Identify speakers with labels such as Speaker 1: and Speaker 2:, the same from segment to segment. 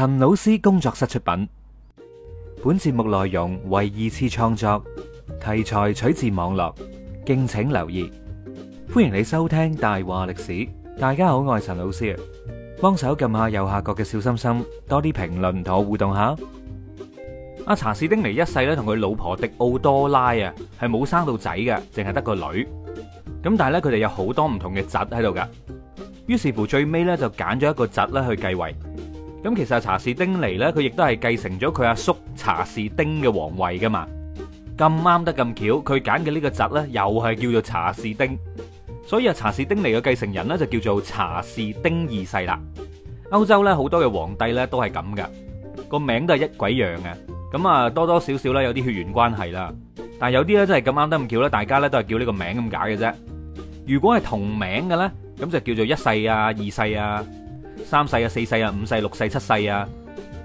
Speaker 1: 陳老師工作室出品，本節目內容為二次創作，題材取自網絡，敬請留意。歡迎你收聽《大話歷史》。大家好，我係陳老師。幫手撳下右下角嘅小心心，多啲評論同我互動下。阿查士丁尼一世咧，同佢老婆迪奧多拉啊，係冇生到仔嘅，淨係得個女。咁但係咧，佢哋有好多唔同嘅侄喺度㗎。於是乎，最尾咧就揀咗一個侄咧去繼位。咁其實查士丁尼咧，佢亦都係繼承咗佢阿叔查士丁嘅皇位噶嘛。咁啱得咁巧，佢揀嘅呢個侄咧，又係叫做查士丁。所以啊，查士丁尼嘅繼承人咧，就叫做查士丁二世啦。歐洲咧好多嘅皇帝咧都係咁噶，個名都係一鬼樣嘅。咁啊多多少少啦，有啲血緣關係啦。但係有啲咧真係咁啱得咁巧啦，大家咧都係叫呢個名咁解嘅啫。如果係同名嘅咧，咁就叫做一世啊，二世啊。三世啊，四世啊，五世、六世、七世啊！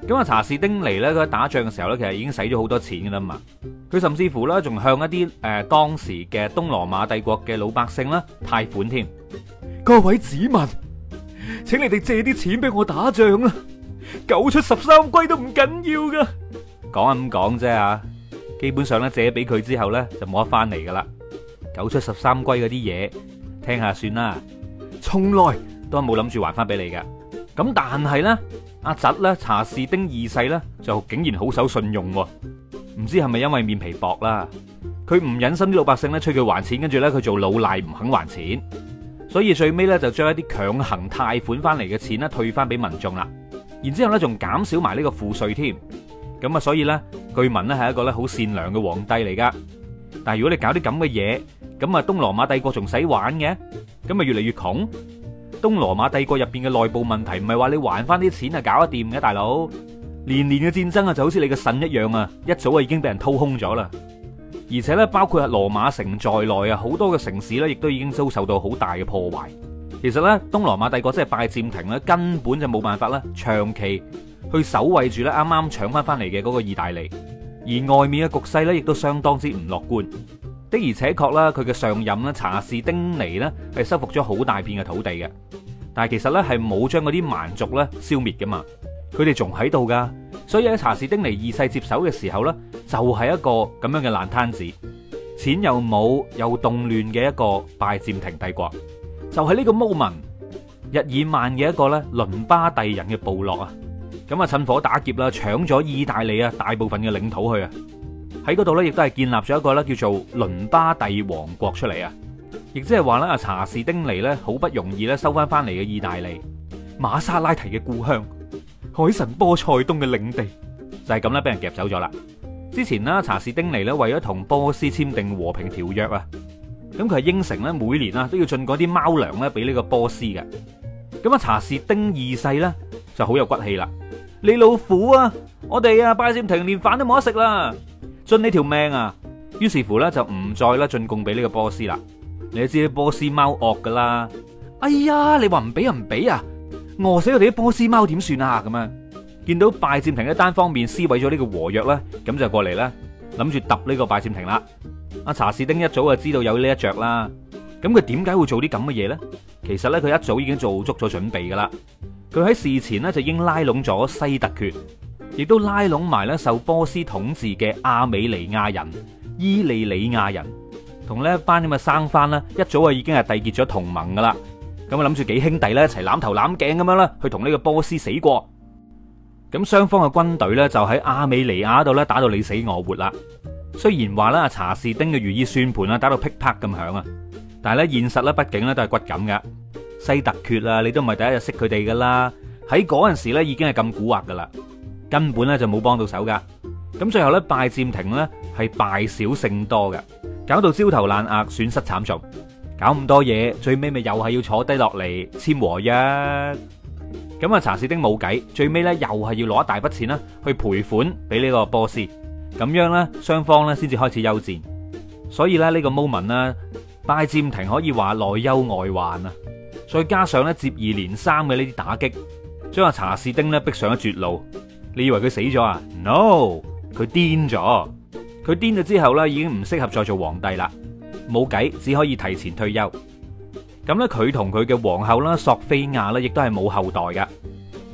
Speaker 1: 咁啊，查士丁尼咧，佢打仗嘅時候咧，其實已經使咗好多錢噶啦嘛。佢甚至乎咧，仲向一啲誒當時嘅東羅馬帝國嘅老百姓咧，貸款添。各位子民，請你哋借啲錢俾我打仗啊，九出十三歸都唔緊要噶。講啊咁講啫吓，基本上咧借俾佢之後咧，就冇得翻嚟噶啦。九出十三歸嗰啲嘢，聽下算啦。從來都冇諗住還翻俾你噶。咁但係咧，阿、啊、侄咧查士丁二世咧就竟然好守信用喎，唔知係咪因為面皮薄啦？佢唔忍心啲老百姓咧催佢還錢，跟住咧佢做老賴唔肯還錢，所以最尾咧就將一啲強行貸款翻嚟嘅錢咧退翻俾民眾啦，然之後咧仲減少埋呢個賦稅添，咁啊所以咧據聞咧係一個咧好善良嘅皇帝嚟噶，但係如果你搞啲咁嘅嘢，咁啊東羅馬帝國仲使玩嘅，咁啊越嚟越窮。東羅馬帝國入邊嘅內部問題唔係話你還翻啲錢啊，搞得掂嘅大佬，年年嘅戰爭啊，就好似你嘅腎一樣啊，一早啊已經俾人掏空咗啦。而且咧，包括羅馬城在內啊，好多嘅城市咧，亦都已經遭受到好大嘅破壞。其實咧，東羅馬帝國即係拜占庭咧，根本就冇辦法啦，長期去守衛住咧，啱啱搶翻翻嚟嘅嗰個意大利，而外面嘅局勢咧，亦都相當之唔樂觀。的而且確啦，佢嘅上任啦，查士丁尼呢，係收復咗好大片嘅土地嘅。但係其實咧係冇將嗰啲蠻族咧消滅噶嘛，佢哋仲喺度噶，所以喺查士丁尼二世接手嘅時候咧，就係一個咁樣嘅爛攤子，錢又冇又動亂嘅一個拜占庭帝國，就係呢個 moment 日耳曼嘅一個咧倫巴第人嘅部落啊，咁啊趁火打劫啦，搶咗意大利啊大部分嘅領土去啊，喺嗰度咧亦都係建立咗一個咧叫做倫巴第王國出嚟啊。亦即係話咧，啊查士丁尼咧，好不容易咧收翻翻嚟嘅意大利、馬莎拉蒂嘅故鄉、海神波塞冬嘅領地，就係咁啦，俾人夾走咗啦。之前咧，查士丁尼咧為咗同波斯簽訂和平條約啊，咁佢係應承咧每年啦都要進嗰啲貓糧咧俾呢個波斯嘅。咁啊，查士丁二世咧就好有骨氣啦。你老虎啊，我哋啊拜占庭連飯都冇得食啦，進你條命啊！於是乎咧就唔再咧進貢俾呢個波斯啦。你知你波斯貓惡噶啦，哎呀，你話唔俾就唔俾啊，餓死我哋啲波斯貓點算啊？咁啊，見到拜占庭一單方面撕毀咗呢個和約咧，咁就過嚟啦，諗住揼呢個拜占庭啦。阿查士丁一早就知道有呢一着啦，咁佢點解會做啲咁嘅嘢咧？其實咧，佢一早已經做足咗準備噶啦，佢喺事前呢，就已經拉攏咗西突厥，亦都拉攏埋咧受波斯統治嘅亞美尼亞人、伊利里亞人。同呢一班咁啊生翻啦，一早啊已經係締結咗同盟噶啦，咁啊諗住幾兄弟咧一齊攬頭攬頸咁樣啦，去同呢個波斯死過。咁雙方嘅軍隊咧就喺亞美尼亞度咧打到你死我活啦。雖然話咧查士丁嘅如意算盤啊打到噼啪咁響啊，但係咧現實咧畢竟咧都係骨感噶。西特厥啊，你都唔係第一日識佢哋噶啦。喺嗰陣時咧已經係咁蠱惑噶啦，根本咧就冇幫到手噶。咁最後咧拜占庭呢，係敗少勝多噶。搞到焦頭爛額，損失慘重，搞咁多嘢，最尾咪又係要坐低落嚟簽和約，咁啊查士丁冇計，最尾咧又係要攞一大筆錢啦，去賠款俾呢個波斯，咁樣咧雙方咧先至開始休戰，所以咧呢、這個 moment 咧拜占庭可以話內憂外患啊，再加上咧接二連三嘅呢啲打擊，將阿查士丁咧逼上咗絕路，你以為佢死咗啊？No，佢癲咗。佢癲咗之後咧，已經唔適合再做皇帝啦，冇計，只可以提前退休。咁咧，佢同佢嘅皇后啦，索菲亞咧，亦都係冇後代㗎。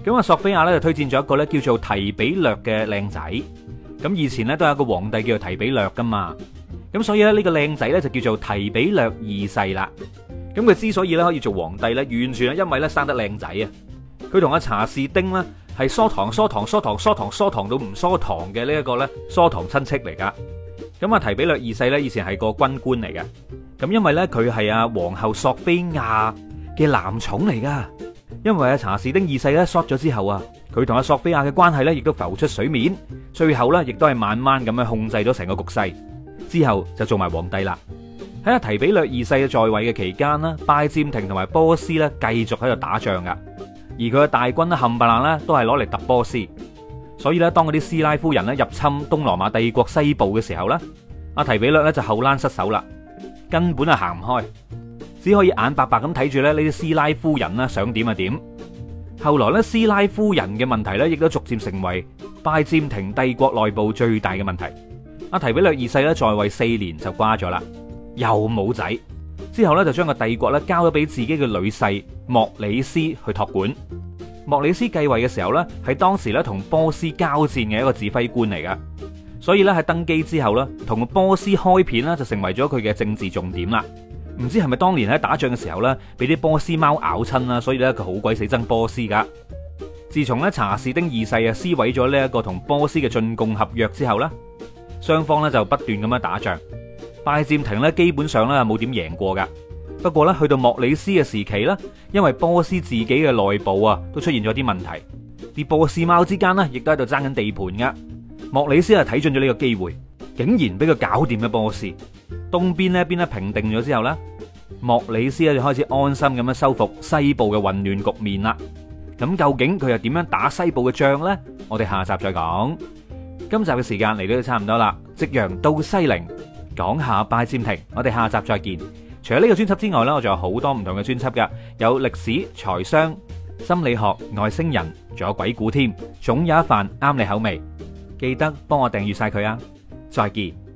Speaker 1: 咁啊，索菲亞咧就推薦咗一個咧叫做提比略嘅靚仔。咁以前咧都有一個皇帝叫做提比略噶嘛。咁所以咧呢個靚仔咧就叫做提比略二世啦。咁佢之所以咧可以做皇帝咧，完全係因為咧生得靚仔啊。佢同阿查士丁啦。係疏糖疏糖疏糖疏糖疏糖到唔疏糖嘅呢一個咧疏糖親戚嚟噶。咁啊提比略二世咧以前係個軍官嚟嘅，咁因為咧佢係阿皇后索菲亞嘅男寵嚟噶，因為阿查士丁二世咧 short 咗之後啊，佢同阿索菲亞嘅關係咧亦都浮出水面，最後咧亦都係慢慢咁樣控制咗成個局勢，之後就做埋皇帝啦。喺阿提比略二世嘅在位嘅期間呢，拜占庭同埋波斯咧繼續喺度打仗噶。而佢嘅大軍冚唪唥咧都係攞嚟突波斯，所以咧當嗰啲斯拉夫人咧入侵東羅馬帝國西部嘅時候咧，阿提比略咧就後欄失守啦，根本啊行唔開，只可以眼白白咁睇住咧呢啲斯拉夫人咧想點啊點。後來咧斯拉夫人嘅問題咧亦都逐漸成為拜占庭帝國內部最大嘅問題。阿提比略二世咧在位四年就瓜咗啦，又冇仔。之後咧就將個帝國咧交咗俾自己嘅女婿莫里斯去託管。莫里斯繼位嘅時候咧，係當時咧同波斯交戰嘅一個指揮官嚟噶，所以咧喺登基之後咧，同個波斯開片呢，就成為咗佢嘅政治重點啦。唔知係咪當年喺打仗嘅時候咧，俾啲波斯貓咬親啦，所以咧佢好鬼死憎波斯噶。自從咧查士丁二世啊撕毀咗呢一個同波斯嘅進貢合約之後咧，雙方咧就不斷咁樣打仗。拜占庭咧，基本上咧冇點贏過噶。不過咧，去到莫里斯嘅時期咧，因為波斯自己嘅內部啊，都出現咗啲問題，啲波斯貓之間咧，亦都喺度爭緊地盤噶。莫里斯啊，睇準咗呢個機會，竟然俾佢搞掂咗波斯。東邊呢邊咧平定咗之後咧，莫里斯咧就開始安心咁樣收復西部嘅混亂局面啦。咁究竟佢又點樣打西部嘅仗呢？我哋下集再講。今集嘅時間嚟到就差唔多啦，夕陽到西陵。講下拜占庭，我哋下集再見。除咗呢個專輯之外呢，我仲有好多唔同嘅專輯嘅，有歷史、財商、心理學、外星人，仲有鬼故添，總有一番啱你口味。記得幫我訂閱晒佢啊！再見。